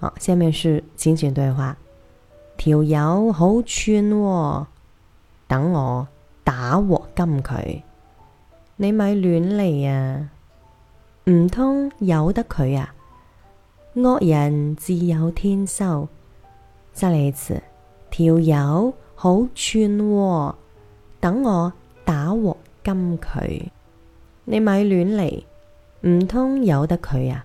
好、哦，下面是情景對話。條友好串喎，等我打鑊金佢，你咪亂嚟啊！唔通由得佢啊？惡人自有天收。再嚟一次，條友好串喎，等我打鑊金佢，你咪亂嚟，唔通由得佢啊？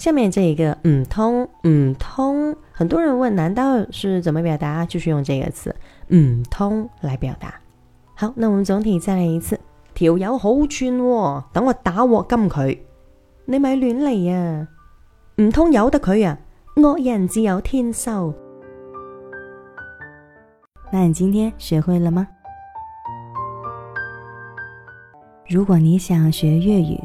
下面這一個唔通唔通，很多人問，難道是怎麼表達？就是用這個詞唔通來表達。好，那我們總體再來一次，條友好串，喎，等我打鑊金佢，你咪亂嚟呀。唔通由得佢啊，惡人自有天收，啊。那你今天學會了嗎？如果你想學粵語。